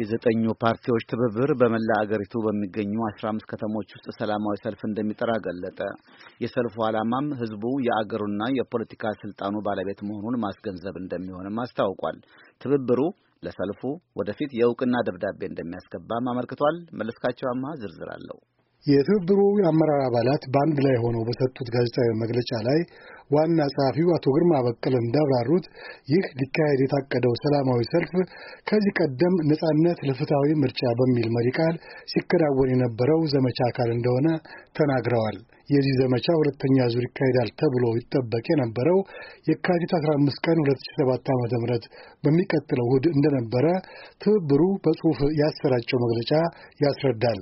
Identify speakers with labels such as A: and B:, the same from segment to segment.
A: የዘጠኙ ፓርቲዎች ትብብር በመላ አገሪቱ በሚገኙ አስራ አምስት ከተሞች ውስጥ ሰላማዊ ሰልፍ እንደሚጠራ ገለጠ። የሰልፉ ዓላማም ህዝቡ የአገሩና የፖለቲካ ስልጣኑ ባለቤት መሆኑን ማስገንዘብ እንደሚሆንም አስታውቋል። ትብብሩ ለሰልፉ ወደፊት የእውቅና ደብዳቤ እንደሚያስገባም አመልክቷል። መለስካቸው አማሃ ዝርዝር አለው።
B: የትብብሩ የአመራር አባላት በአንድ ላይ ሆነው በሰጡት ጋዜጣዊ መግለጫ ላይ ዋና ጸሐፊው አቶ ግርማ በቀለ እንዳብራሩት ይህ ሊካሄድ የታቀደው ሰላማዊ ሰልፍ ከዚህ ቀደም ነጻነት ለፍትሐዊ ምርጫ በሚል መሪ ቃል ሲከናወን የነበረው ዘመቻ አካል እንደሆነ ተናግረዋል። የዚህ ዘመቻ ሁለተኛ ዙር ይካሄዳል ተብሎ ይጠበቅ የነበረው የካቲት 15 ቀን 2007 ዓ ም በሚቀጥለው እሁድ እንደነበረ ትብብሩ በጽሑፍ ያሰራጨው መግለጫ ያስረዳል።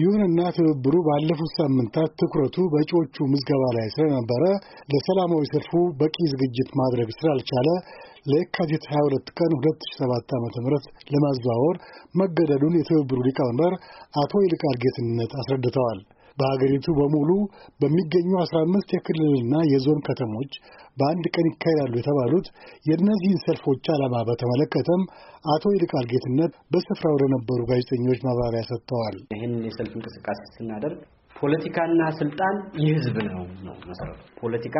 B: ይሁንና ትብብሩ ባለፉት ሳምንታት ትኩረቱ በእጩዎቹ ምዝገባ ላይ ስለነበረ ለሰላማዊ ሰልፉ በቂ ዝግጅት ማድረግ ስላልቻለ ለየካቲት 22 ቀን 2007 ዓ ም ለማዘዋወር መገደዱን የትብብሩ ሊቀመንበር አቶ ይልቃል ጌትነት አስረድተዋል። በሀገሪቱ በሙሉ በሚገኙ 15 የክልልና የዞን ከተሞች በአንድ ቀን ይካሄዳሉ የተባሉት የእነዚህን ሰልፎች ዓላማ በተመለከተም አቶ ይልቃል ጌትነት በስፍራው ለነበሩ ጋዜጠኞች ማብራሪያ ሰጥተዋል።
C: ይህን የሰልፍ እንቅስቃሴ ስናደርግ ፖለቲካና ስልጣን የህዝብ ነው ነው መሰረቱ። ፖለቲካ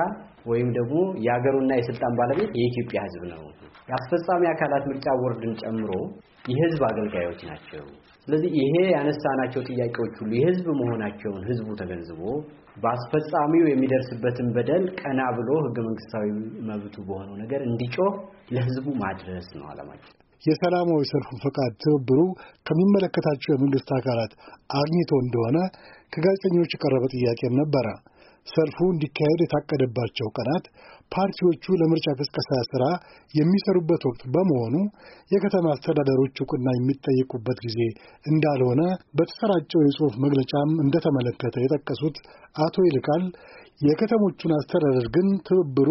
C: ወይም ደግሞ የሀገሩና የስልጣን ባለቤት የኢትዮጵያ ህዝብ ነው። የአስፈጻሚ አካላት ምርጫ ቦርድን ጨምሮ የህዝብ አገልጋዮች ናቸው። ስለዚህ ይሄ ያነሳናቸው ጥያቄዎች ሁሉ የህዝብ መሆናቸውን ህዝቡ ተገንዝቦ በአስፈጻሚው የሚደርስበትን በደል ቀና ብሎ ህገ መንግስታዊ መብቱ በሆነው ነገር እንዲጮህ ለህዝቡ ማድረስ ነው አላማችን።
B: የሰላማዊ ሰልፉን ፈቃድ ትብብሩ ከሚመለከታቸው የመንግስት አካላት አግኝቶ እንደሆነ ከጋዜጠኞች የቀረበ ጥያቄም ነበረ። ሰልፉ እንዲካሄድ የታቀደባቸው ቀናት ፓርቲዎቹ ለምርጫ ቅስቀሳ ሥራ የሚሰሩበት ወቅት በመሆኑ የከተማ አስተዳደሮች እውቅና የሚጠየቁበት ጊዜ እንዳልሆነ በተሰራጨው የጽሑፍ መግለጫም እንደተመለከተ የጠቀሱት አቶ ይልቃል የከተሞቹን አስተዳደር ግን ትብብሩ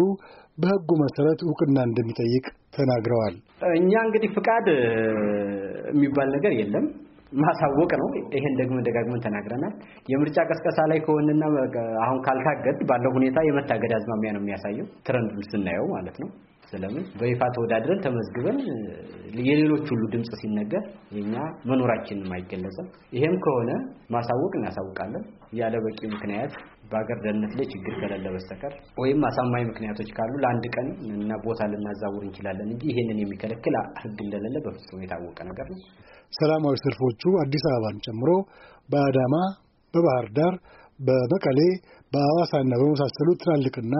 B: በህጉ መሰረት እውቅና እንደሚጠይቅ ተናግረዋል።
C: እኛ እንግዲህ ፍቃድ የሚባል ነገር የለም ማሳወቅ ነው። ይሄን ደግሞ ደጋግመን ተናግረናል። የምርጫ ቀስቀሳ ላይ ከሆንና አሁን ካልታገድ ባለው ሁኔታ የመታገድ አዝማሚያ ነው የሚያሳየው ትረንዱን ስናየው ማለት ነው። ስለምን በይፋ ተወዳድረን ተመዝግበን የሌሎች ሁሉ ድምጽ ሲነገር የኛ መኖራችንም አይገለጽም። ይሄም ከሆነ ማሳወቅ እናሳውቃለን ያለ በቂ ምክንያት በሀገር ደህንነት ላይ ችግር ከሌለ በስተቀር ወይም አሳማኝ ምክንያቶች ካሉ ለአንድ ቀን እና ቦታ ልናዛውር እንችላለን እንጂ ይሄንን የሚከለክል ሕግ እንደሌለ በፍጹም የታወቀ ነገር
B: ነው። ሰላማዊ ሰልፎቹ አዲስ አበባን ጨምሮ በአዳማ፣ በባህር ዳር በመቀሌ በአዋሳና በመሳሰሉ ትላልቅና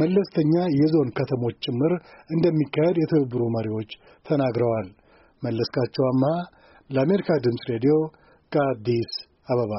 B: መለስተኛ የዞን ከተሞች ጭምር እንደሚካሄድ የትብብሩ መሪዎች ተናግረዋል። መለስካቸው ለአሜሪካ ድምፅ ሬዲዮ ከአዲስ አበባ